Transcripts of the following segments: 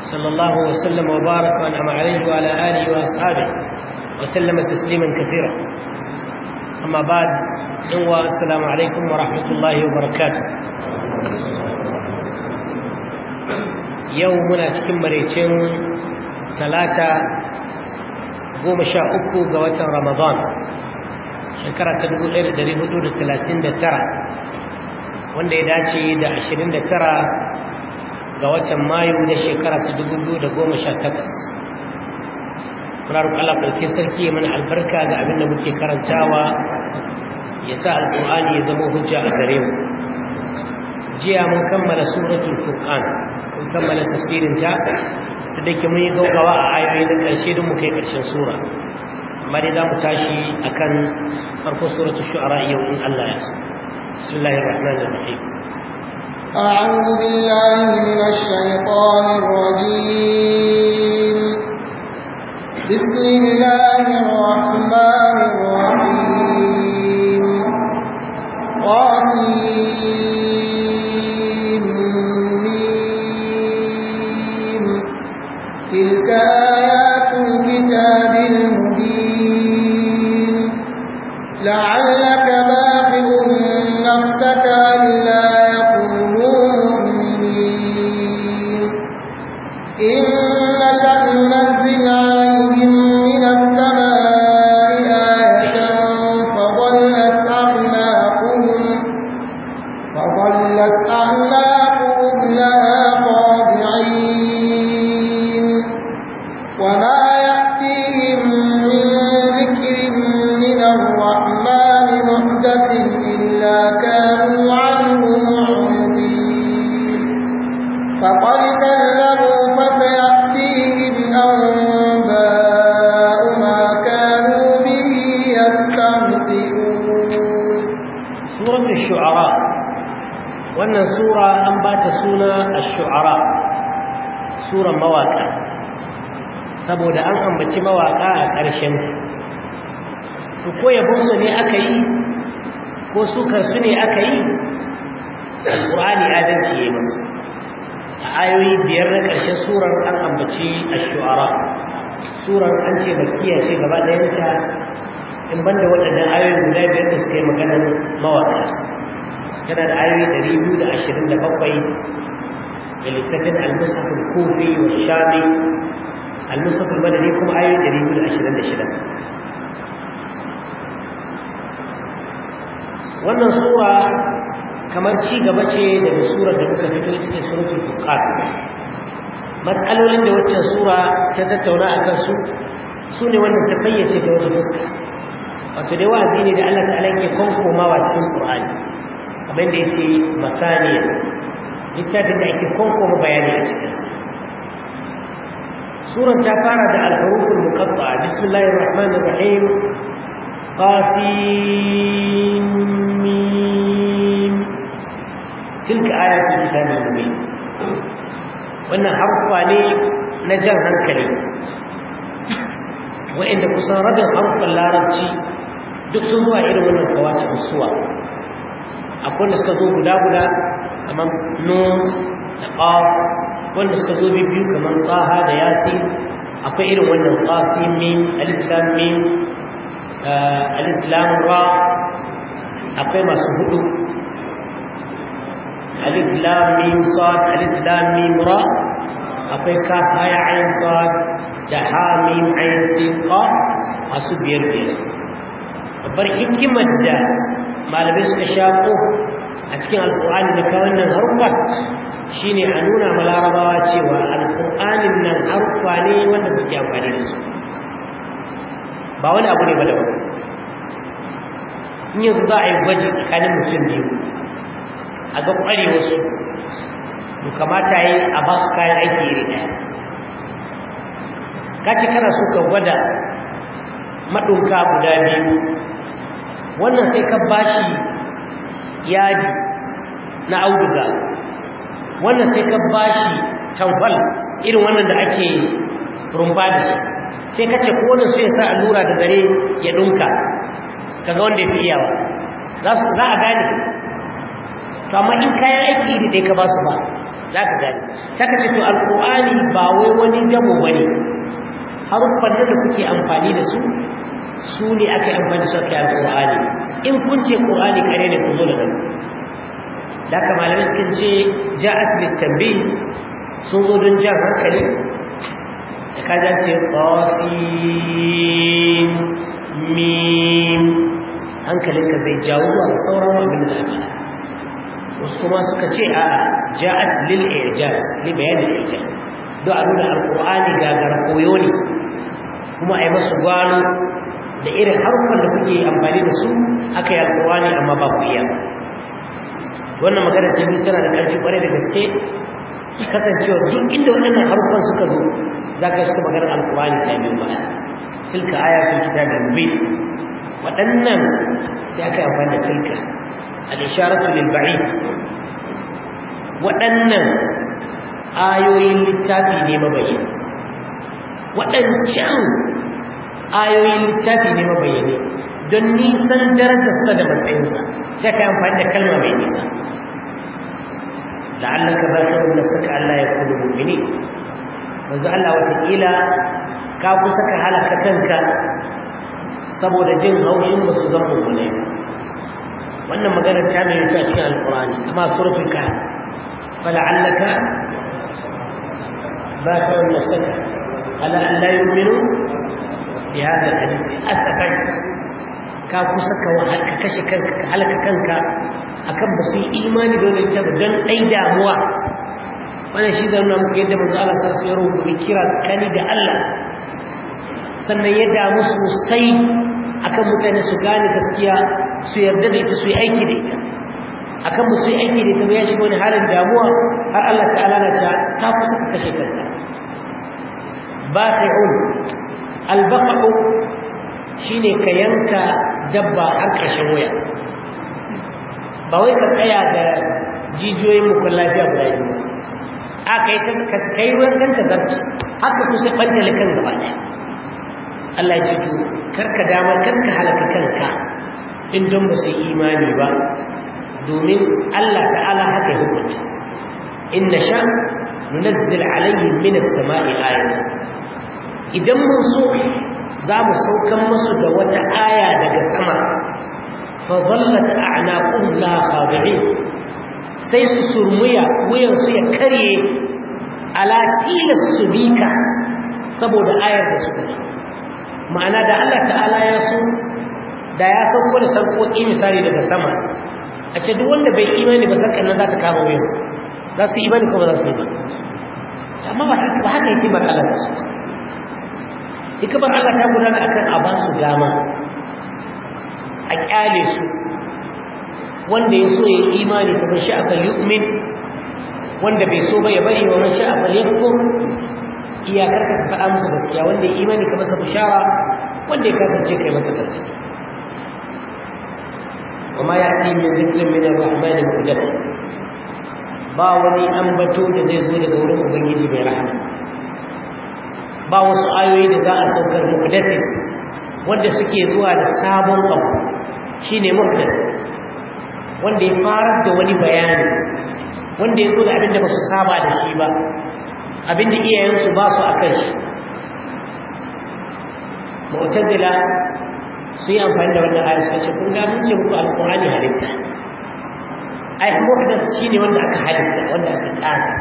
صلى الله وسلم وبارك وانعم عليه وعلى اله واصحابه وسلم تسليما كثيرا اما بعد هو السلام عليكم ورحمه الله وبركاته يومنا cikin mareken talata goma sha uku ga watan ramadan shekara ta dubu ɗaya da ɗari hudu da talatin da tara wanda ya dace da ashirin da tara ga watan mayu na shekara ta dubu biyu da goma sha takwas muna roƙon Allah sarki mana albarka ga abin da muke karantawa ya sa alƙur'ani ya zama hujja a gare mu jiya mun kammala suratul furqan mun kammala tafsirin ta da dake mun yi gaugawa a ayoyi da ƙarshe don mu kai ƙarshen sura amma dai za mu tashi a kan farko suratul shu'ara yau in Allah ya so bismillahir rahmanir rahim أعوذ بالله من الشيطان الرجيم بسم الله الرحمن الرحيم مين تلك آيات الكتاب المبين لعل ko sukar su ne aka yi alƙur'ani adalci ya masu a ayoyi biyar na ƙarshen surar an ambaci a shu'ara surar an ce makiya ce gaba ɗayanta in banda waɗannan ayoyi guda biyar da suka yi maganar mawaƙa yana da ayoyi ɗari biyu da ashirin da bakwai da lissafin almusafin kofi wa shami almusafin madani kuma ayoyi ɗari biyu da ashirin da shida wannan sura kamar ci gaba ce daga surar da muka fito ita ce suratul furqan matsalolin da wacce sura ta tattauna a kansu su ne wannan ta fayyace ta wata fuska wato dai wa'azi ne da Allah ta'ala ke konkomawa cikin Qur'ani kamar da yace masaniya littafin da ake kwankoma bayani a cikin sa surar ta fara da al-huruful muqatta'a bismillahir rahmanir rahim qasim tilka ayatul kitabil mubin wannan harfa ne na jan hankali wa'inda kusan rabin harfin larabci duk sun zuwa irin wannan kawace suwa akwai da suka zo guda guda kamar nun da qaf wanda suka zo biyu kamar taha da yasin akwai irin wannan qasim min alif lam mim Eh, alif ra akwai masu hudu alif lam mim sad alif lam mim ra akwai kaf haya ayin sad da ha mim ayin sin qaf masu biyar biyar babbar hikimar da malamai suka shafo a cikin alƙur'ani da ka wannan harkar shine a nuna ma larabawa cewa alƙur'anin nan harfa ne wanda kuke amfani da su ba wani abu ne ba da wani in yanzu za a yi gwaji tsakanin mutum biyu a ga wasu to kamata yi a ba su kayan aiki iri ɗaya ka ce kana so ka gwada maɗunka guda biyu wannan sai ka ba shi yaji na auduga wannan sai ka ba shi irin wannan da ake rumba da shi sai ka ce kowane su ya sa allura da zare ya dunka ga wanda ya fi iyawa za a gane to amma in kayan aiki da dai ka ba su ba za ka gane sai ka ce to alƙur'ani ba wai wani gamo ba ne haruffan da kuke amfani da su su ne aka yi amfani da su aka yi in kun ce ƙur'ani kare ne kun zo da nan da ka malamai sukan ce ja'at littabi sun zo don jan hankali كذا قاسم hankalin ka zai jawo zuwa ga sauran abin da wasu kuma suka ce a ja'at lil ijaz li bayan al ijaz Do a nuna alqur'ani gagar koyo ne kuma ai masu gwalo. da irin harkar da kuke amfani da su aka yi alqur'ani amma ba ku iya wannan magana ta tana da ƙarfi kware da gaske kasancewa duk inda waɗannan harkon suka zo za ka suka magana alkuwani ta yi ba tilka aya kun kita da rubi waɗannan sai aka yi amfani da tilka al-isharatu lil ba'id waɗannan ayoyin littafi ne mabayi waɗancan ayoyin littafi ne mabayi don nisan darajarsa da matsayinsa sai ka yi amfani da kalma mai nisa لعلك باكر نفسك ان لا يكونوا مؤمنين وزع الله وتقيلا كاب سك على كنك سبود جن غوش بس ذنب غنيم وان ما قالت تعمل في اشياء القران كما صرفك فلعلك باكر نفسك على ان لا يؤمنوا بهذا الحديث اسفك ka kusa ka kashe kanka ka halaka kanka akan ba su yi imani da wani tabu don ɗai damuwa Wani shi zauna muku yadda manzo Allah sa su yaro gobe kira kani da Allah sannan ya damu sosai akan mutane su gane gaskiya su yarda da ita su yi aiki da ita akan su yi aiki da ita ba ya shiga wani halin damuwa har Allah ta'ala na ta ka kusa ka kashe kanka ba ta yi albaqa'u Shi ne ka yanka dabba har ƙarshen waya ba wai ka tsaya da jijiyoyin mukun lafiya guda biyu ba a kai ta kai kan ta zarci haka kusa ɓanta likan gaba ɗaya Allah ya ce to karka damar karka halaka kanka in don ba su imani ba domin Allah ta'ala haka ya hukunta in na sha nunazzil alaihim min as-sama'i idan mun so za mu saukan masu da wata aya daga sama fazallat a'naqum la khadi'in sai su surmuya wuyansu su ya karye ala tilas su bika saboda ayar da suka ji ma'ana da Allah ta'ala ya so da ya sauko da sarƙoƙi misali daga sama a ce duk wanda bai imani ba sarkar nan za ta kama wuyansa za su imani ko ba za su ba amma ba haka yake matsalar su hikimar Allah ta gudana akan a ba su dama a kyale su wanda ya so ya yi imani kamar sha'a fal yu'min wanda bai so ba ya bari wa man sha'a fal iyakar ka faɗa musu gaskiya wanda ya imani ka masa bishara wanda ya kasance kai masa gargaɗi wa ya ya'ti min dhikrin ba, ar-rahman muhdath ba wani ambato da zai zo daga wurin ubangiji mai rahama ba wasu ayoyi da za a saukar muhdathin wanda suke zuwa da sabon abu shine muhdath wanda ya fara da wani bayani wanda ya zo da abinda ba su saba da shi ba abinda iyayensu ba su a kan shi mu'tazila su yi amfani da wannan ayar suka ce kun ga mun ce muku alqur'ani halitta ai muhdath shine wanda aka halitta wanda aka tsara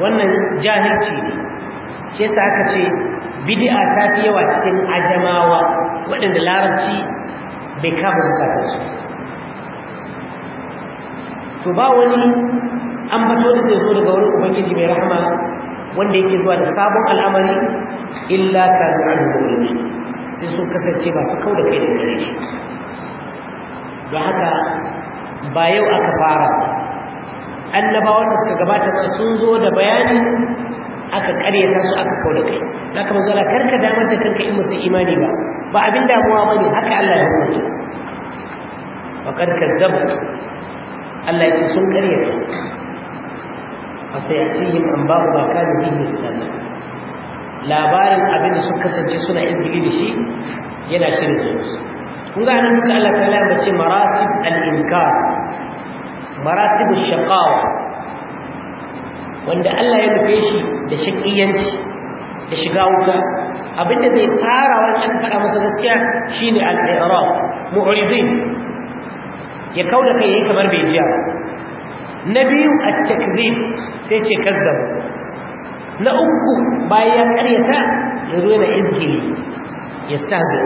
wannan jahilci ne shi sa aka ce bidi'a ta fi yawa cikin ajamawa waɗanda larabci bai kama bukatar su to ba wani an fato da zai zo daga wani ubangiji mai rahama wanda yake zuwa da sabon al'amari illa ka zuwa sai sun kasance ba kau da kai da gare shi don haka ba yau aka fara annabawan da suka gabata sun zo da bayani aka karyata su aka kauda kai haka manzo Allah karka damar da kanka in musu imani ba ba abin damuwa bane haka Allah ya hukunta wa kad kadzabtu Allah ya ce sun karyata fasayatihim anba'u ma kanu bihi yastazun labarin abin da suka kasance suna izgili da shi yana shirin zuwa kun ga nan Allah ta ya bace maratib al-inkar maratib ash-shaqawa wanda Allah ya nufe shi da shaƙiyanci da shiga wuta abinda zai fara wani an faɗa masa gaskiya shine al-i'rab mu'ridin ya kauda kai yayi kamar bai jiya na biyu at-takzib sai ce kazzab na uku bayan ƙaryata ya zo da izgili ya stazo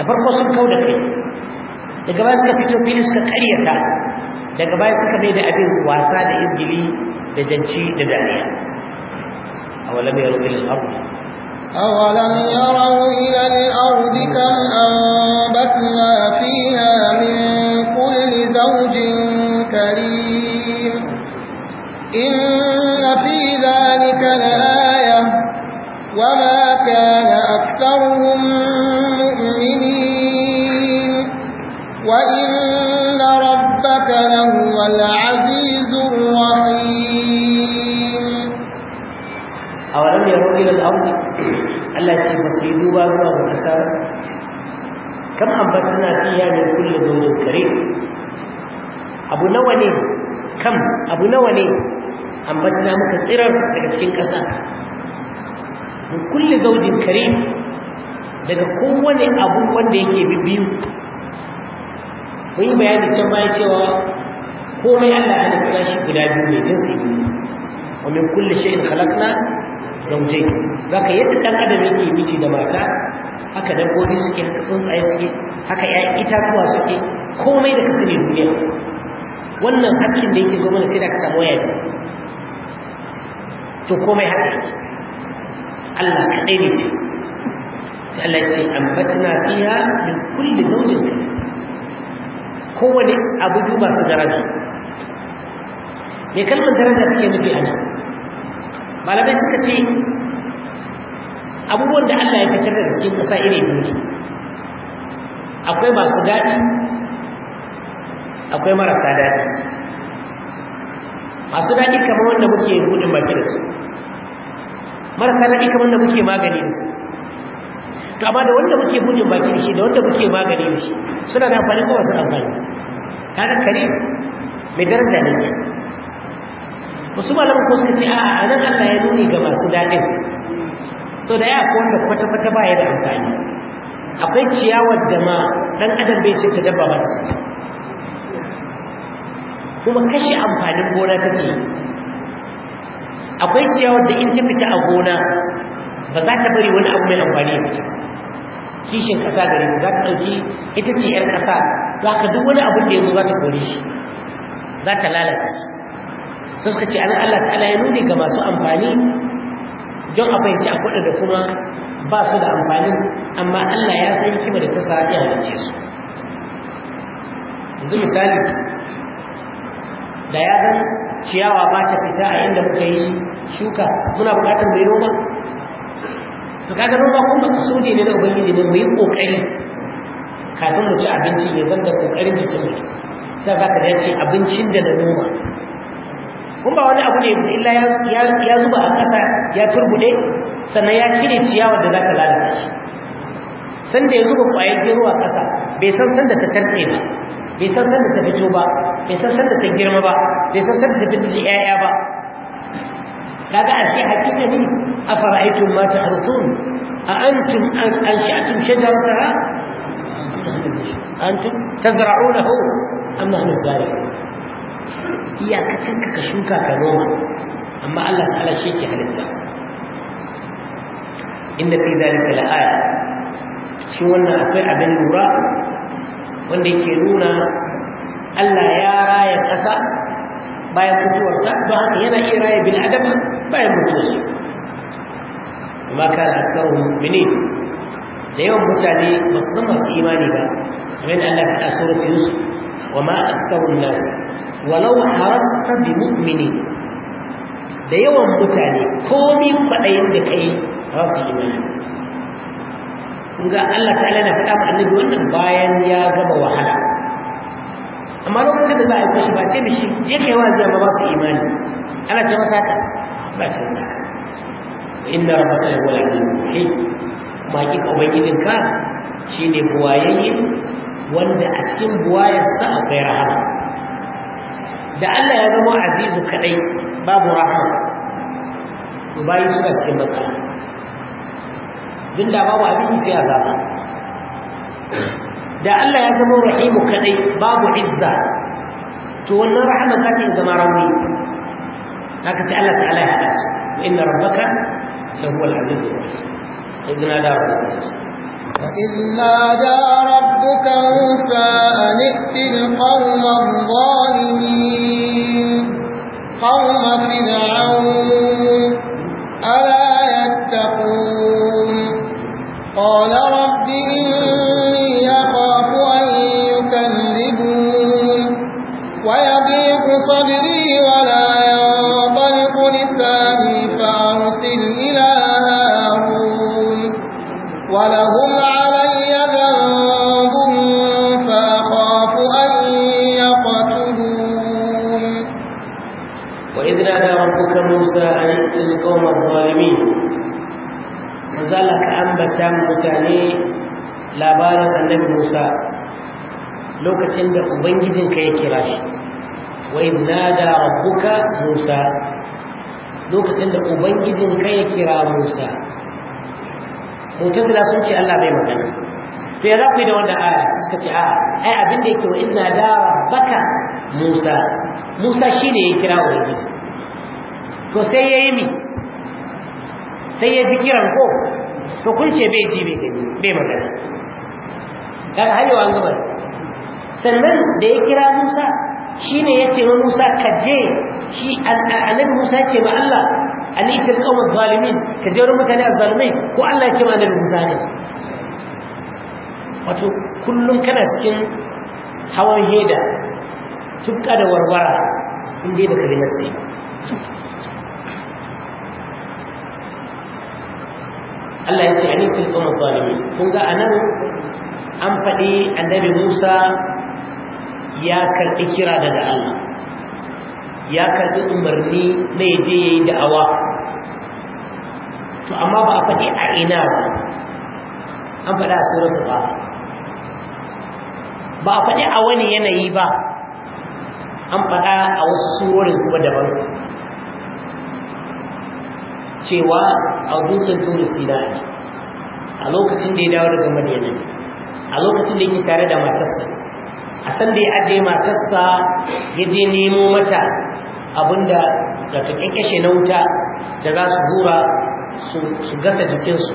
da farko sun kauda kai daga baya suka fito fili suka ƙaryata daga baya suka mai da abin wasa da izgili دجنشي دداني أولم يروا إلى الأرض أولم يروا إلى الأرض كم أنبتنا فيها من كل زوج كريم إن في ذلك لآية وما كان أكثرهم Allah ce ba su yi duba zuwa ga ƙasa ambata na fi yana kulle zawjin kare abu nawa ne kan abu nawa ne ambata na muka tsirar daga cikin ƙasa min kulle zawjin kare daga kowane abu wanda yake bibiyu mun yi bayani can bayan cewa komai Allah ya halitta shi guda biyu ne jinsi biyu wa min kulli shay'in khalaqna ba ka yadda ɗan adam yake miji da mata haka dabbobi suke haka tsuntsaye suke haka ya itatuwa suke komai da kasu ne duniya wannan haskin da yake zo sai da ka samu yadda to komai haka yake Allah kaɗai ne ce sai Allah ya ce ambatna fiha min kulli zawjin kowane abu duba su daraja me kalmar daraja take nufi a nan malamai suka ce abubuwan da Allah ya fitar da cikin ƙasa iri biyu ne akwai masu daɗi akwai marasa daɗi masu daɗi kamar wanda muke rudin baki da su marasa daɗi kamar wanda muke magani da su to amma da wanda muke rudin baki da shi da wanda muke magani da shi suna da amfani ko wasu amfani kaga kare mai daraja ne wasu malaman ko suka ce a nan Allah ya nuni ga masu daɗin so da ya ko wanda kwata-kwata ba ya da amfani akwai ciyawar da ma ɗan adam bai ce ta dabba ba su kuma kashe amfanin gona ta yi akwai ciyawar da in ta fita a gona ba za ta bari wani abu mai amfani ya fita kishin ƙasa gare mu za ta ɗauki ita ce 'yar ƙasa za ka duk wani abin da ya zo za ta kore shi za ta lalata shi su suka ce anan Allah ta'ala ya nuni ga masu amfani don a fahimci a da kuma ba su da amfani amma Allah ya san kima da ta sa a halicce su yanzu misali da ya zan ciyawa ba ta fita a inda muka yi shuka muna bukatar mai noma Bukatar kaga noma kuma ne na ubangiji ne mu yi kokari kafin mu ci abinci ya da kokarin jikin mu sai ba ka dace abincin da na noma Kuma wani abu ne illa ya zuba a ƙasa ya turbude sannan ya cire ciyawar da za ta lalata shi da ya zuba ƙwayar gero a ƙasa bai san sanda ta tarbe ba bai san sanda ta fito ba bai san sanda ta girma ba bai san sanda ta fito da 'ya'ya ba kaga ashe hakika ne a fara'aitun ma ta harsun a antum an sha'atum shajarataha antum tazra'unahu amma nahnu zalimun iyakacin ka shuka ka noma amma Allah ta'ala shi ke halitta inda fi zalika la'aya cikin wannan akwai abin lura wanda yake nuna Allah ya raya ƙasa bayan ta don haka yana iya raya bin adam bayan mutuwarsa amma da akawun mini da yawan mutane ba su zama su imani ba kamar yadda Allah ta asura wa ma aksarun nasu walau harasta bi mu'mini da yawan mutane komi kwaɗayin da kai rasu imani ga Allah ta'ala na faɗa ma annabi wannan bayan ya gama wahala amma lokacin da za a yi kushi ba ce da shi je kai wa zama ba su imani ana ta masa ta ba ce sa inna rabbaka la huwal alimul muhit kuma kawai ubangijin ka shine buwayayye wanda a cikin buwayarsa akwai rahama da Allah ya zama azizu kadai babu rahama to bayi suna cikin maka, duk da babu abin sai azaba da Allah ya zama rahimu kadai babu izza to wannan rahama ka ta zama rauni haka sai Allah ta'ala ya hada su inna rabbaka lahu al-azizur rahim idna da rabbika فإذ نادى ربك موسى أن ائت القوم الظالمين قوم فرعون ألا يتقون قال رب إن mutane labarin annabi Musa lokacin da ka ya kira shi wa da rabbuka Musa lokacin da ubangijin ka ya kira Musa mutazila sun ce Allah bai magana to ya za ku yi da wannan aya suka ce a ai abin da yake wa in da rabbaka Musa Musa shine ya kira ubangiji to sai yayi mi sai ya ji kiran ko to kun ce bai ji bai gani bai magana kaga hanyar yau an gaba sannan da ya kira Musa shine ya ce ma Musa ka je shi annabi Musa ce ma Allah an yi tilka wa ka je wurin mutane zalimai ko Allah ya ce ma annabi Musa ne wato kullum kana cikin hawan heda tukka da warwara inda da kalimar sai Allah ya ce a nitin kuma zalimi kun ga anan an faɗi annabi Musa ya karɓi kira daga Allah ya karɓi umarni na ya je yayi da'awa to amma ba a faɗi a ina ba an faɗi a suratul ba ba a faɗi a wani yanayi ba an faɗa a wasu surorin kuma daban cewa a dutsen turu sina ne a lokacin da ya dawo daga madina a lokacin da yake tare da matarsa a san da ya aje matarsa ya je nemo mata abinda da ta kyakkyashe na wuta da za su hura su gasa jikinsu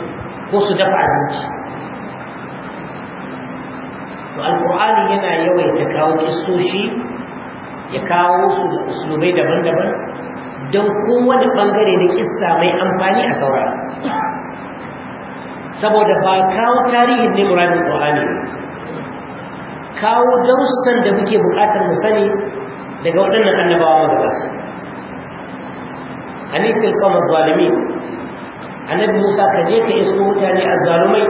ko su dafa abinci to alkur'ani yana yawaita kawo kistoshi ya kawo su da usulubai daban-daban don kowane ɓangare da kissa mai amfani a saura saboda ba kawo tarihin ne muradin ƙwa'ani kawo darussan da muke buƙatar mu sani daga waɗannan annabawa magabata halittar kawar zalimi annabi musa ka je ka isko mutane a zalumai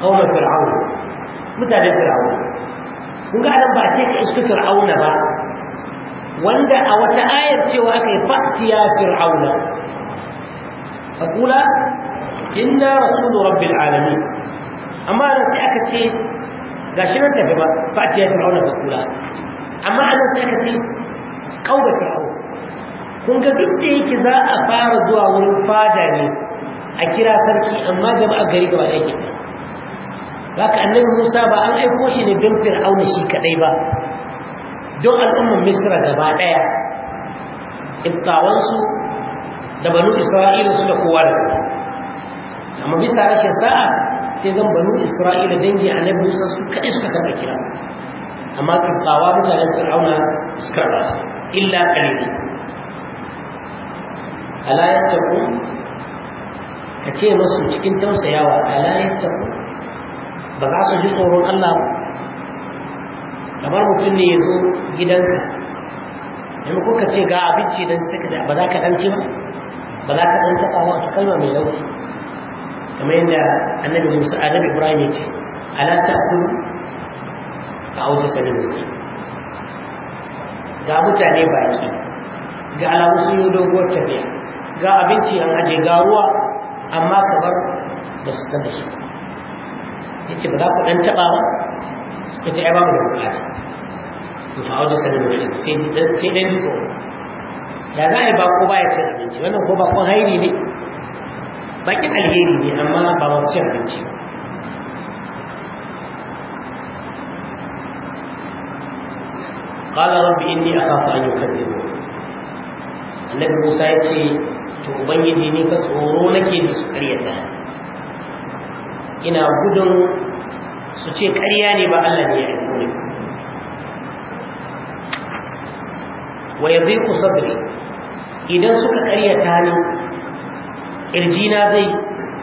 kawar fir'auna mutane fir'auna kun ga adam ba ce ka isko fir'auna ba wanda a wata ayar cewa aka yi fa'tiya fir'auna kula inna rasul rabbil alamin amma nan sai aka ce gashi nan tafi ba fa'tiya fir'auna kula amma nan sai aka ce qawla fir'auna kun ga duk da yake za a fara zuwa wurin fada ne a kira sarki amma jama'a gari gaba ɗaya ke ka annabi Musa ba an aiko shi ne don fir'auna shi kadai ba don al'ummar misra gaba ɗaya ittawansu da banu isra'ila su da kowa da amma bisa rashin sa'a sai zan banu isra'ila dangi a nan musa su kaɗai suka karɓa kira amma mutane mutanen fir'auna su karɓa illa ƙalibi alayar yattaqu ka ce masu cikin tausayawa alayar yattaqu ba za su ji tsoron Allah ba kamar mutum ne ya zo gidanka yanzu kuka ce ga abinci don suka da ba za ka ɗan ci ba ba za ka ɗan taɓa wa ta kalma mai lauki kamar yadda annabi musa annabi ibrahim ya ce ala ta kudu ka auta sanin mutum ga mutane baki ga alamu sun yi doguwar tafiya ga abinci an aje ga ruwa amma kamar ba su san da su ya ce ba za ku dan taɓa ba suka ce ai mu da bukata to fa wajen sanin mutum sai dai su tsoro ya za a yi bako ba ya cin abinci wannan ko bakon hairi ne bakin alheri ne amma ba masu cin abinci ba قال رب إني أخاف أن يكذبون annabi musa ya ce to ubangiji ni ka tsoro nake da su karyata ina gudun su ce ƙarya ne ba Allah ne ya aiko ne wa yadhiqu sadri idan suka ta ni ƙirjina zai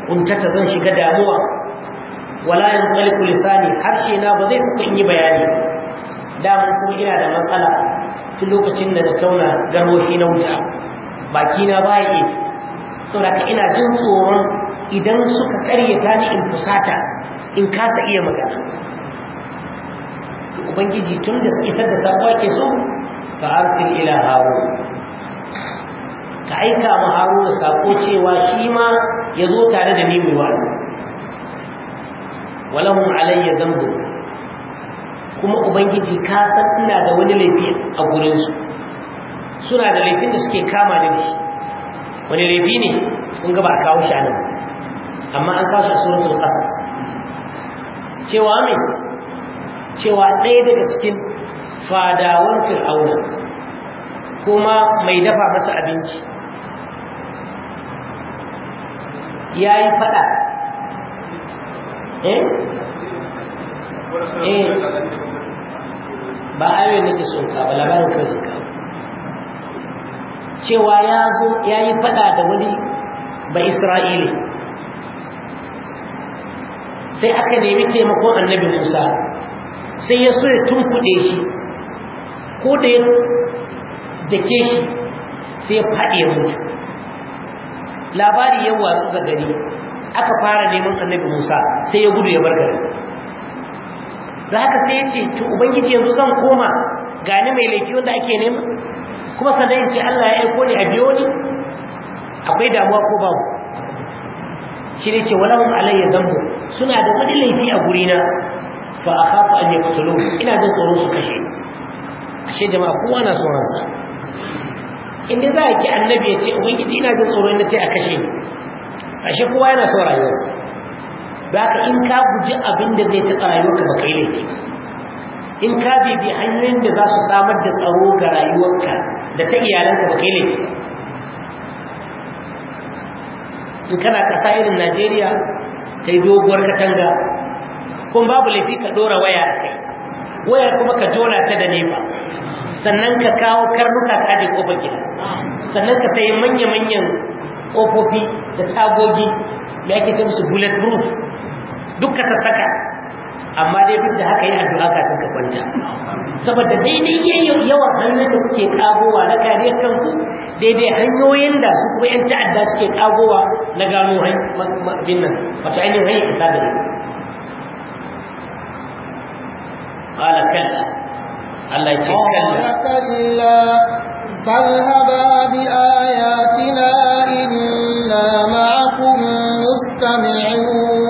kuntata zan shiga damuwa wala yanqaliqu lisani harshe na ba zai saka in yi bayani da kuma ina da matsala tun lokacin da na tauna garwashi na wuta baki na baya ke ina jin tsoron idan suka ƙaryata ni in fusata in kasa iya magana ubangiji tun da isar da sabuwa ke so fa arsil ila haru ka aika ma haru sako cewa shi ma ya zo tare da ni mai wa'azi walahum alayya dambu kuma ubangiji ka san ina da wani laifi a gurin su suna da laifin da suke kama da shi wani laifi ne kun ga ba kawo shi anan amma an kawo shi a suratul qasas cewa me cewa ɗaya daga cikin fadawan fir'auna kuma mai dafa masa abinci ya yi fada eh eh ba ayoyin nake sonka ba labarin kansa cewa ya zo ya yi fada da wani ba isra'ili sai aka nemi taimakon annabi musa sai ya so ya tunkuɗe shi ko da ya dake shi sai ya faɗi ya mutu labari ya watsu ga gari aka fara neman annabi musa sai ya gudu ya bar gari da haka sai ya ce to ubangiji yanzu zan koma gani mai laifi wanda ake nema kuma sannan ce allah ya aiko ni a biyo ni akwai damuwa ko babu shi ne ce mun alayyar zambo suna da wani laifi a gurina fa kafa an kutulu ina jin tsoron su kashe ashe jama'a kowa na tsoron sa in za a ki annabi ya ce ubangiji ina jin tsoron na ce a kashe ni ashe kowa yana son rayuwarsa ba ka in ka guji abin da zai taɓa rayuwarka ba ka yi laifi in ka bibi hanyoyin da za su samar da tsaro ga rayuwarka da ta iyalanka ba ka yi laifi in kana ƙasa irin najeriya kai doguwar ka katanga kuma babu laifi ka dora waya da kai waya kuma ka jona ta da nema, sannan ka kawo karnuka ka ajiye kofar gida sannan ka sayi manya-manyan kofofi da tagogi da ake ce musu bulletproof duk ka sassaka amma dai duk da haka yi addu'a kafin ka kwanta saboda daidai yawan hanyoyin da kuke kagowa na kariyar kanku daidai hanyoyin da su kuma yan ta'adda suke kagowa na gano bin nan wato ainihin hanyar isa da قال كلا الله kalla, قال كلا فاذهبا بآياتنا إنا معكم مستمعون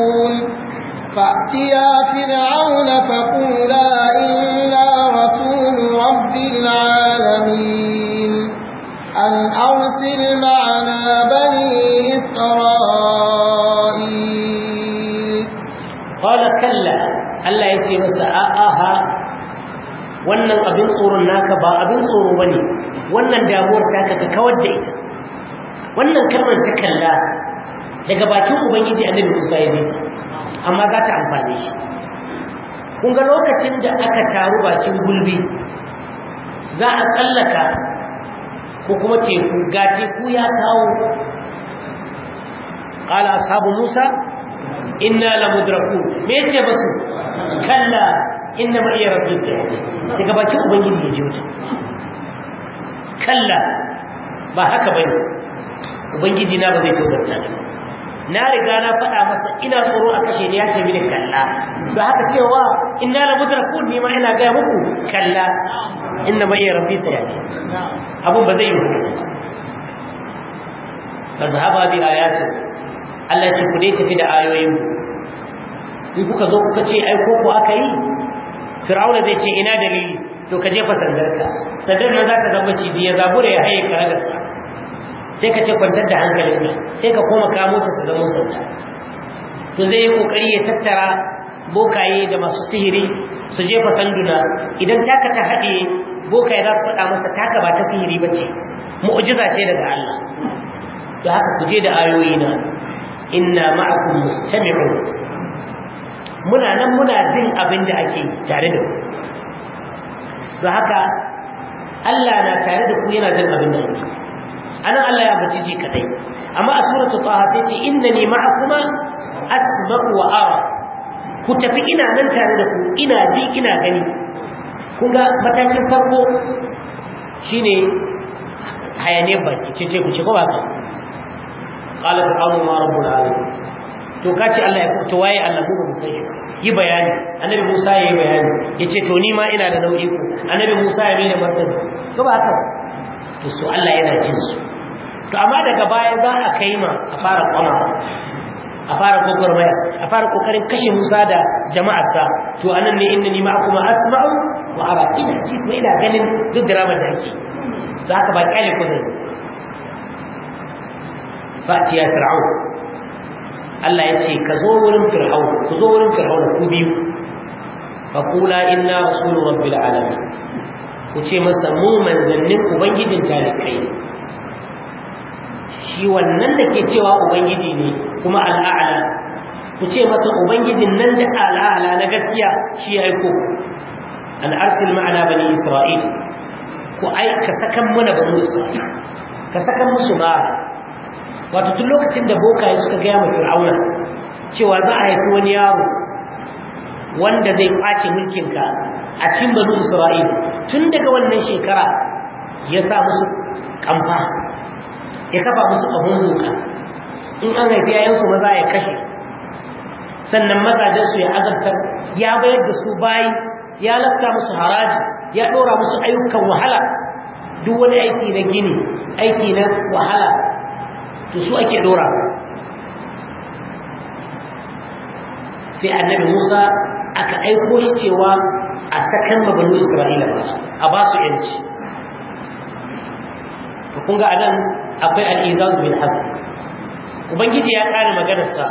فأتيا فرعون فقولا إنا رسول رب العالمين أن أرسل معنا بني إسرائيل قال كلا ألا يتي مساءها wannan abin tsoron naka ba abin tsoro ne, wannan damuwar taka ka kawar da ita wannan kalmar ta kalla daga bakin ubangiji annabi Musa ya ji amma za ta amfane shi Kunga lokacin da aka taru bakin gulbi za a tsallaka ko kuma teku ga teku ya kawo ƙala sabu musa inna la mudraku me ce ba su kalla inna ma iya rabbi daga bakin ubangiji ya ji wuce kalla ba haka bane ubangiji na ba zai tozarta ne na riga na faɗa masa ina tsoro a kashe ni ya ce mini kalla da haka cewa inna la kun ni ma ina ga muku kalla inna ma iya rabbi yake abun ba zai yi ba zahaba bi ayati Allah ya ku ta tafi da ayoyin ku kuka zo kuka ce ai ko aka yi fir'auna zai ce ina dalili to ka jefa sandarka sandar nan za ta zama ciji ya zabura ya haye karagarsa sai ka ce kwantar da ne sai ka koma kamo ta zama sanda to zai yi kokari ya tattara bokaye da masu sihiri su jefa sanduna idan taka ta haɗe bokaye za su faɗa masa taka ba ta sihiri ba ce mu'jiza ce daga Allah to haka ku je da ayoyi na inna ma'akum mustami'un muna nan muna jin abin da ake tare da ku to haka Allah na tare da ku yana jin abin da ake anan Allah ya bace ji kadai amma a suratul taha sai ce innani ma'akuma asma'u wa ara ku tafi ina nan tare da ku ina ji ina gani kun ga matakin farko shine hayaniyar baki ce ce ku ce ko ba ka qala fir'aunu ma rabbul alamin to kace Allah ya to waye Allah ku ba mu yi bayani annabi Musa ya yi bayani yace to ni ma ina da nauyi ku annabi Musa ya mai da martani ko ba haka to su Allah yana jin su to amma daga baya za a kai ma a fara kwama a fara gwagwarmaya a fara kokarin kashe musa da jama'arsa to anan ne ni ma kuma asma'u wa ara ina ji kuma ina ganin duk diramar da ake za ka ba kyale ku zai ba ce ya fir'au Allah ya ce ka zo wurin fir'au ku zo wurin fir'au ku biyu fa kula inna rasulu rabbil alamin ku ce masa mu manzannin ubangijin talikai ne shi wannan da ke cewa ubangiji ne kuma al'ala ku ce masa ubangijin nan da al'ala na gaskiya shi ya aiko al'arsil arsil ma'ana bani isra'il ku ai ka sakan mana bani isra'il ka sakan musu ba wato tun lokacin da bokaye suka gaya ma fir'auna cewa za a haifi wani yaro wanda zai kwace mulkinka a cikin bani isra'il tun daga wannan shekara ya sa musu kamfa ya kafa musu abun doka in an haifi yayansu maza ya kashe sannan mazajensu ya azabtar ya bayar da su bayi ya lafta musu haraji ya ɗora musu ayyukan wahala duk wani aiki na gini aiki na wahala to su ake ɗora sai annabi musa aka aiko shi cewa a sakan mabanu isra'ila ba a ba su yanci kun ga akwai al'izazu bil hazm ubangiji ya kare maganarsa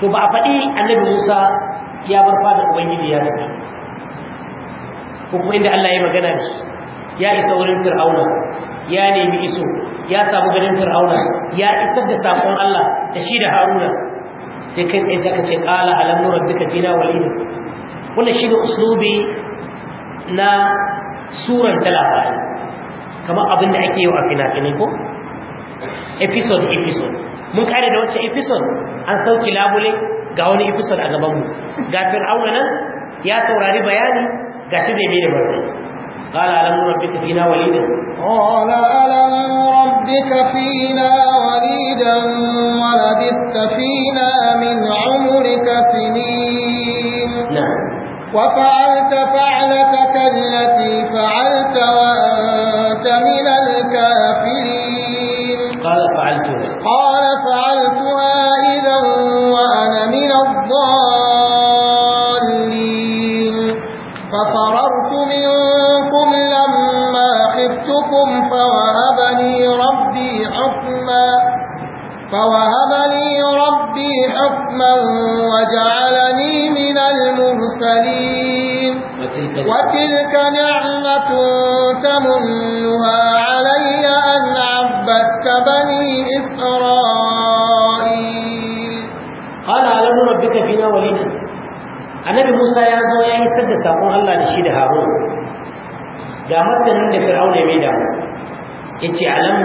to ba a faɗi annabi Musa ya bar fada ubangiji ya tafi ko kuma inda Allah ya magana da shi ya isa wurin fir'auna ya nemi iso ya samu ganin fir'auna ya isar da sakon Allah da shi da Haruna sai kai tsaye saka ce qala alam rabbika fina walida wannan shi ne uslubi na suran talabari kamar abin da ake yi a fina-finai ko episode episode mun kare da wacce episode an sauki labule ga wani episode a gabanmu ga auna nan ya saurari bayani ga shi bai da barci قال ألم ربك فينا وليدا قال ألم ربك فينا وليدا ولبثت فينا من عمرك سنين نعم وفعلت فعلتك التي فعلت وأنت من الكافرين قال فعلتها قال فعلتها إذا وأنا من الضالين ففررت منكم لما خفتكم فوهبني ربي حكما فوهبني ربي حكما وجعل وتلك نعمة تمنها علي أن عبدت بني إسرائيل قال ألم ربك فينا وليدا annabi Musa ya zo yayi isar da sakon Allah da shi da Harun ga martanin da Fir'auna mai da yace alam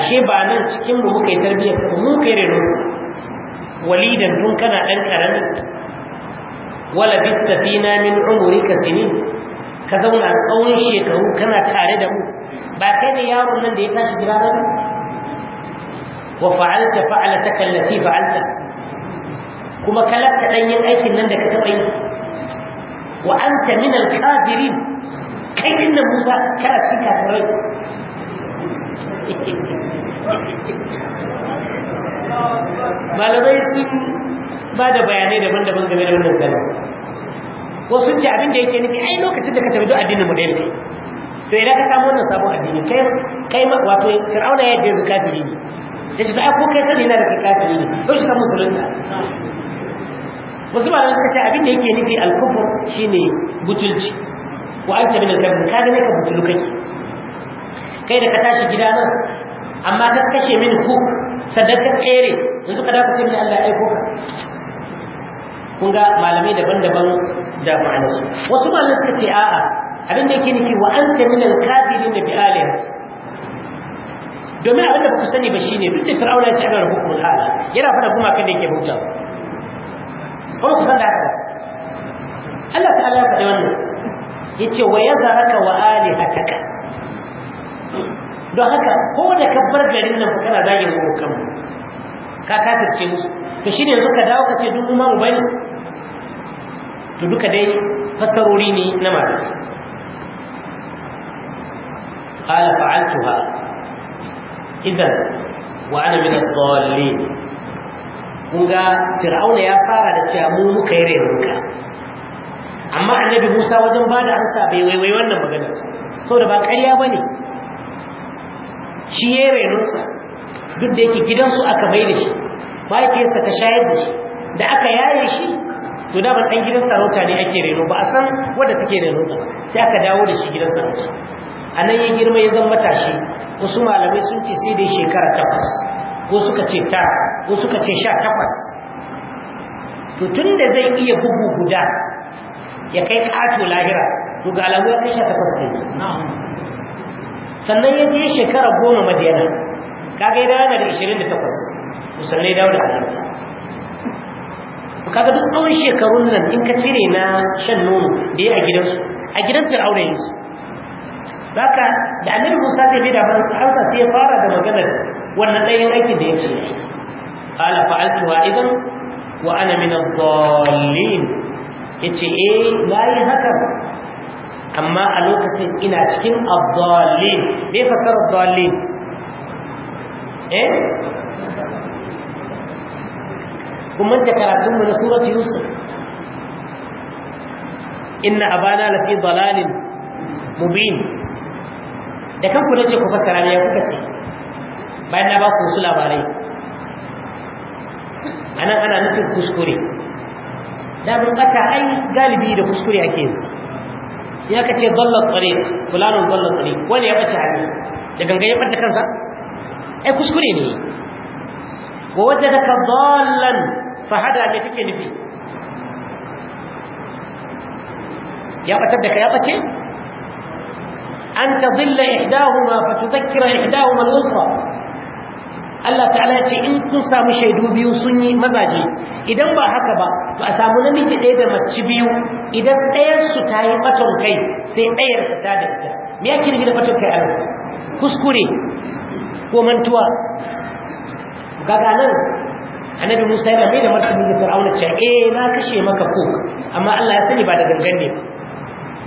ashe ba nan cikin mu muka yi tarbiyyar mu kai reno walidan tun kana dan karamin wala bitta fina min umrika sinin ka zauna tsawon shekaru kana tare da mu ba kai ne yaron nan da ya tashi jira ba wa fa'alta fa'alataka allati fa'alta kuma kalaka dan yin aikin nan da ka taba yi wa anta min al-kafirin kai nan Musa kana cikin kafirai malamai sun ba da bayanai daban-daban game da wannan Ko wasu ce abin da yake nufi ai lokacin da ka tafi duk addinin mu ɗaya to idan ka samu wannan sabon addini kai kai wato fir'auna ya yadda zakafiri ne ya ce ai ko kai sani na da zakafiri ne to shi ka musulunta wasu malamai suka ce abin da yake nufi alkufur shine butulci ko an tabi da kafin ka ga ne ka butulu kai. kai da ka tashi gida nan amma ka kashe mini kuk sannan ka tsere yanzu ka dafa ce mini Allah ya aiko ka kun ga malamai daban-daban da ma'anarsu wasu malamai suka ce a'a abin da yake nufi wa anta min al-kafirin bi alihati domin abin da ba ku sani ba shine duk da fir'auna ya ce ana rabbul hala yana fara kuma kan da yake bauta ba ku san da haka Allah ta'ala ya faɗi wannan yace wa yazaraka wa alihataka don haka ko da ka bar garin nan kana zagin mu kanmu ka kasance musu to shine yanzu ka dawo ka ce duk mu ma mu to duka dai fassarori ne na malamai qala fa'altuha idan wa ana min ad-dallin kunga fir'auna ya fara da cewa mu muka yi rayuwarka amma annabi Musa wajen bada ansa bai waiwai wannan magana saboda ba ƙarya bane shi ya renonsa duk da yake gidansu aka bai da shi mahaifiyarsa ta shayar da shi da aka yaye shi to da ban dan gidan sarauta ne ake reno ba a san wanda take reno sa sai aka dawo da shi gidan sarauta a nan ya girma ya zama matashi wasu malamai sun ce sai dai shekara takwas ko suka ce ta ko suka ce sha takwas to tun da zai iya bugu guda ya kai ƙato lahira to ga alamu ya kai sha takwas ne sannan ya je shekara goma madiyana kaga ya dawo da 28 sannan ya dawo da annabta kaga duk tsawon shekarun nan in ka cire na shan nono da ya a gidansu a gidan fir'auna yin su baka da annabi musa zai bai da hausa sai ya fara da maganar wannan ɗayan aikin da ya ce ala fa'altuwa idan wa ana min ad-dallin yace eh nayi haka amma a lokacin ina cikin ad-dallin me fasar ad-dallin eh kun manta karatun mu na surat yusuf inna abana lafi dalalin mubin da kanku nace ku fasara ne kuka ce bayan na ba ku su labarai anan ana nufin kuskure da mun bata ai galibi da kuskure ake yanzu ya kace dallat tariq fulanun dallat tariq wani ya bace hali da ganga ya bata kansa ai kuskure ne wa wajadaka dallan fahada me take nufi ya batar da ka ya bace an tadilla ihdahuma fa tudhakkira ihdahuma al-ukhra Allah ta'ala ya ce in kun samu shaidu biyu sun yi mazaje idan ba haka ba to a samu namiji ɗaya da mace biyu idan ɗayan su ta yi fatan kai sai ɗayar ta da ita me ya kirgi da batan kai kuskure ko mantuwa kaga nan annabi musa yana mai da martani ga fir'auna cewa eh na kashe maka ko, amma allah ya sani ba da gangan ne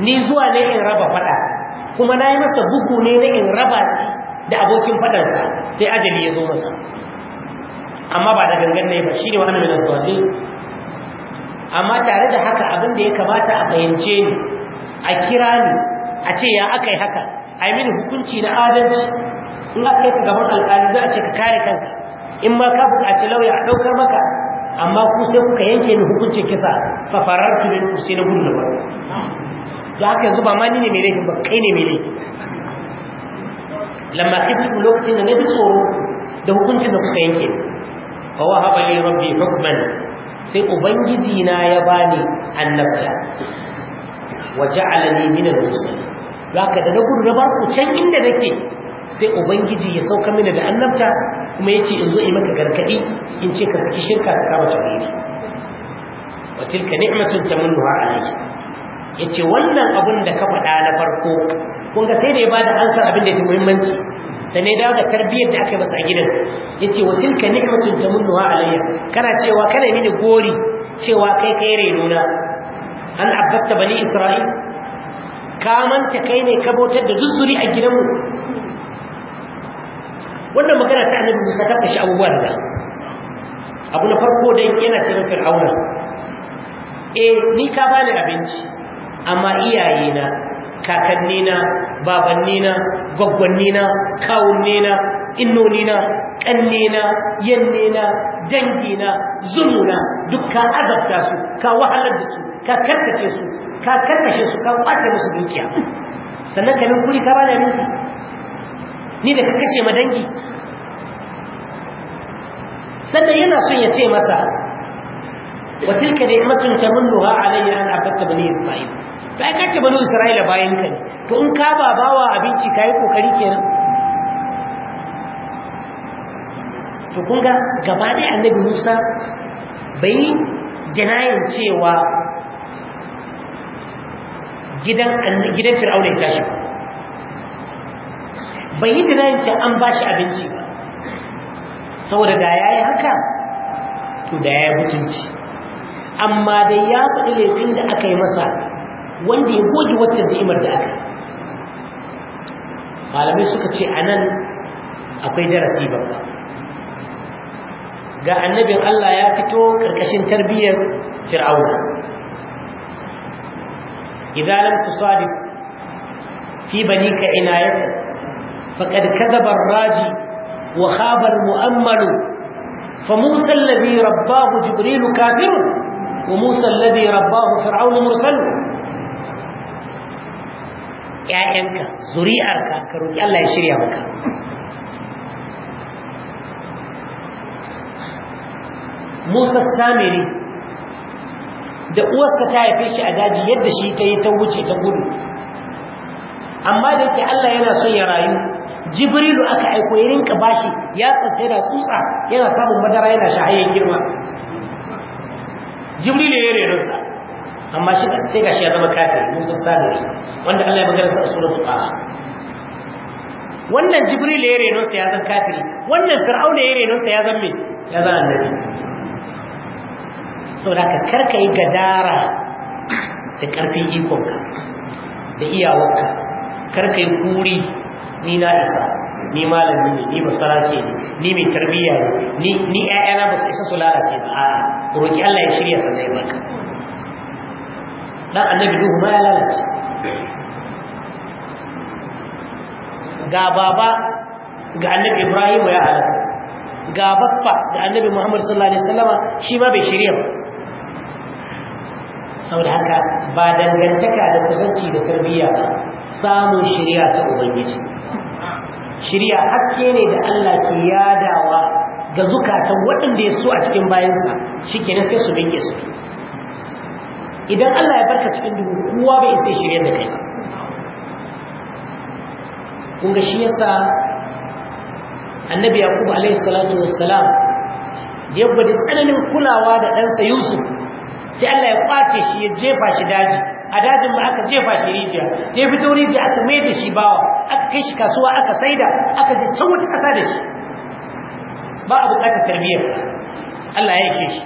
ni zuwa ne in raba fada kuma na yi masa bugu ne na in raba da abokin sa sai ajali ya zo masa amma ba da gangan ne ba shi ne wani mai tsohon amma tare da haka abin da ya kamata a fahimce ni a kira ni a ce ya aka yi haka a yi mini hukunci na adalci in aka yi gaban alƙali za a ce ka kare kanka in ma ka buƙaci lauya a ɗaukar maka amma ku sai kuka yanke ni hukuncin kisa fa farar min ku sai na gudu na farko. da haka yanzu ba ma ni ne mai laifin ba kai ne mai laifin lamma kiftu lokacin da na bi tsoro da hukuncin da kuka yanke ni fa wa haɓa ne rabbi hukman sai ubangiji na ya bani annabta wa ja'alani min al-mursalin haka da na gudu na barku can inda nake sai ubangiji ya sauka mini da annabta kuma yace in zo in maka gargadi, in ce ka saki shirka ka kama tauhidi wa tilka ni'matun tamunnuha alayhi yace wannan abun da ka faɗa na farko kun ga sai da ya bada ansar abin da yake muhimmanci sai ne da tarbiyyar da aka yi masa a gidan yace wa tilka ni'matun tamunnuha alayhi kana cewa kana mini gori cewa kai kai nuna. an abbatta bani isra'il ka manta kai ne ka bautar da duzzuri a gidanmu wannan magana ta annabi musa ta kashi abubuwa da abu na farko dai yana cikin fir'auna eh ni ka bani abinci amma iyaye na iyayena kakannina babannina na kawunnina innonina ƙannena, yannena dangina na duk ka azabta su ka wahalar da su ka karkace su ka karkashe su ka kwace musu dukiya sannan kanin kuri ka bani abinci ni da ka kashe madangi sannan yana son ya ce masa wa tilka ni'matun tamunnuha alayya an abatta bani isra'il to ai kace bani isra'ila bayan ka to in ka ba bawa abinci kai kokari kenan to kun ga gaba ɗaya annabi Musa bai janayin cewa gidan gidan Fir'auna ya tashi ba bai yi dinayin ce an ba shi abinci ba saboda da ya yi haka to da ya yi mutunci amma dai ya faɗi laifin da aka yi masa wanda ya goge waccan ni'imar da aka malamai suka ce a nan akwai darasi babba ga annabin Allah ya fito ƙarƙashin tarbiyyar fir'auna idan lam tusadif fi banika inayatak فقد كذب الراجي وخاب المؤمل فموسى الذي رباه جبريل كافر وموسى الذي رباه فرعون مرسل ‘ya'yanka zuri'arka ka roƙi Allah ya shirya maka Musa da uwarsa ta haife shi a daji yadda shi ta yi ta wuce ta gudu amma da yake Allah yana son ya rayu jibrilu aka aiko ya rinka bashi ya tsace da tsutsa yana samun madara yana shahayen girma jibrilu ya rere sa amma shi sai shi ya zama kafiri musa sadari wanda Allah ya magana sa a suratul qaha wannan jibril ya rere sa ya zan kafiri wannan fir'auna ya rere sa ya zan me ya zama annabi da ka karka yi gadara da karfin ikonka da iyawarka karka yi kuri ni na isa ni malami ne ni masarake ne ni mai tarbiyya ne ni ƴaƴana ba su isa su lalace ba a'a roki Allah ya shirya sannan ya baka dan annabi duhu ma ya lalace ga baba ga annabi Ibrahim ya halaka ga baffa ga annabi Muhammad sallallahu alaihi wasallama shi ma bai shirya ba saboda haka ba dangantaka da kusanci da tarbiyya ba samun shirya ta ubangiji shirya hakke ne da Allah ke yadawa ga zukatan waɗanda ya so a cikin bayansa shi kenan sai su dinge su idan Allah ya barka cikin duhu kowa bai isa shirya da kai kun ga shi yasa annabi yaqub alaihi salatu wassalam ya gwada tsananin kulawa da ɗansa yusuf sai Allah ya kwace shi ya jefa shi daji a dajin ba aka jefa shi rijiya da ya fito rijiya aka mai da shi bawa aka kai shi kasuwa aka saida aka ji can wata kasa da shi ba a bukatar tarbiyyar Allah ya yake shi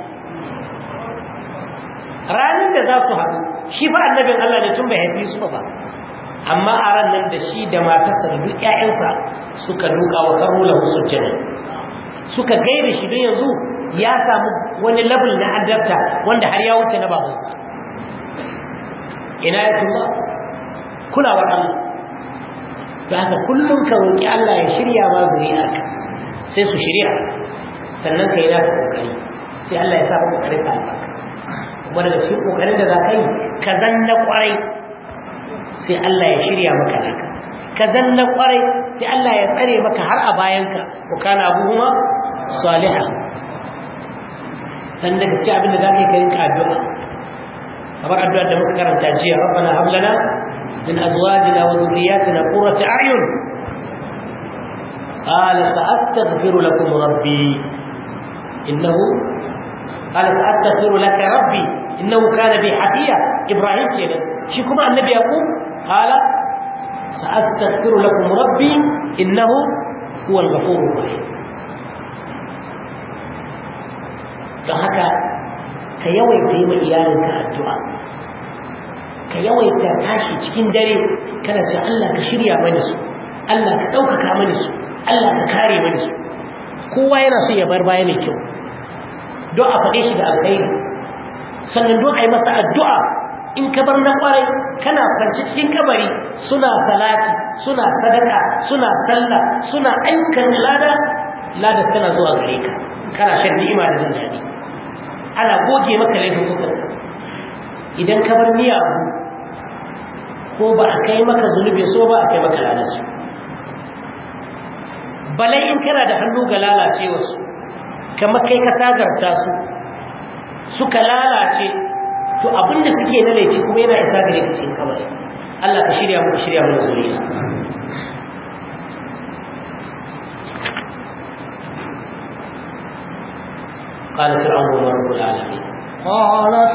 ranar da za su haɗu shi fa annabin Allah ne tun bai haifi su ba amma a ran nan da shi da matarsa da duk ƴaƴansa suka duka wa karula musulcinin suka gaida shi don yanzu ya samu wani labul na adabta wanda har ya wuce na babansa ina ya kula kulawar Allah da haka kullum ka roƙi Allah ya shirya ma zuri'arka sai su shirya sannan ka yi naka kokari sai Allah ya sa ka kokarin ka albarka kuma daga cikin kokarin da za ka yi ka zanna kwarai sai Allah ya shirya maka naka ka zanna kwarai sai Allah ya tsare maka har a bayanka ko kana abuhuma salihah sannan daga cikin abin da za ka yi ka rinka addu'a kamar addu'a da muka karanta jiya rabbana hab lana min azwajina wa dhurriyyatina qurrata a'yun qala sa'astaghfiru lakum rabbi innahu qala sa'astaghfiru laka rabbi innahu kana bi hafiya ibrahim kenan shi kuma annabi yaqub qala sa'astaghfiru lakum rabbi innahu huwal ghafurur rahim don haka ka yawaita yi ma iyalinka addu'a ka yawaita tashi cikin dare kana ta Allah ka shirya mani su Allah ka ɗaukaka mani su Allah ka kare mani su kowa yana son ya bar baya mai kyau don a faɗe shi da alkhairi sannan don a yi masa addu'a in ka bar na kwarai kana kwanci cikin kabari suna salati suna sadaka suna sallah suna aikan lada lada tana zuwa gare ka kana shan ni'ima da jin daɗi ana goge maka laifin kufur idan ka bar miyagu ko ba a kai maka zunubi so ba a kai maka lalasu balai in kana da hannu ga lalacewa su kamar kai ka sagarta su suka lalace to abinda suke na laifi kuma yana isa gare ka cikin kamar Allah ka shirya mu shirya mu zuriya قال فرعون ورب العالمين காண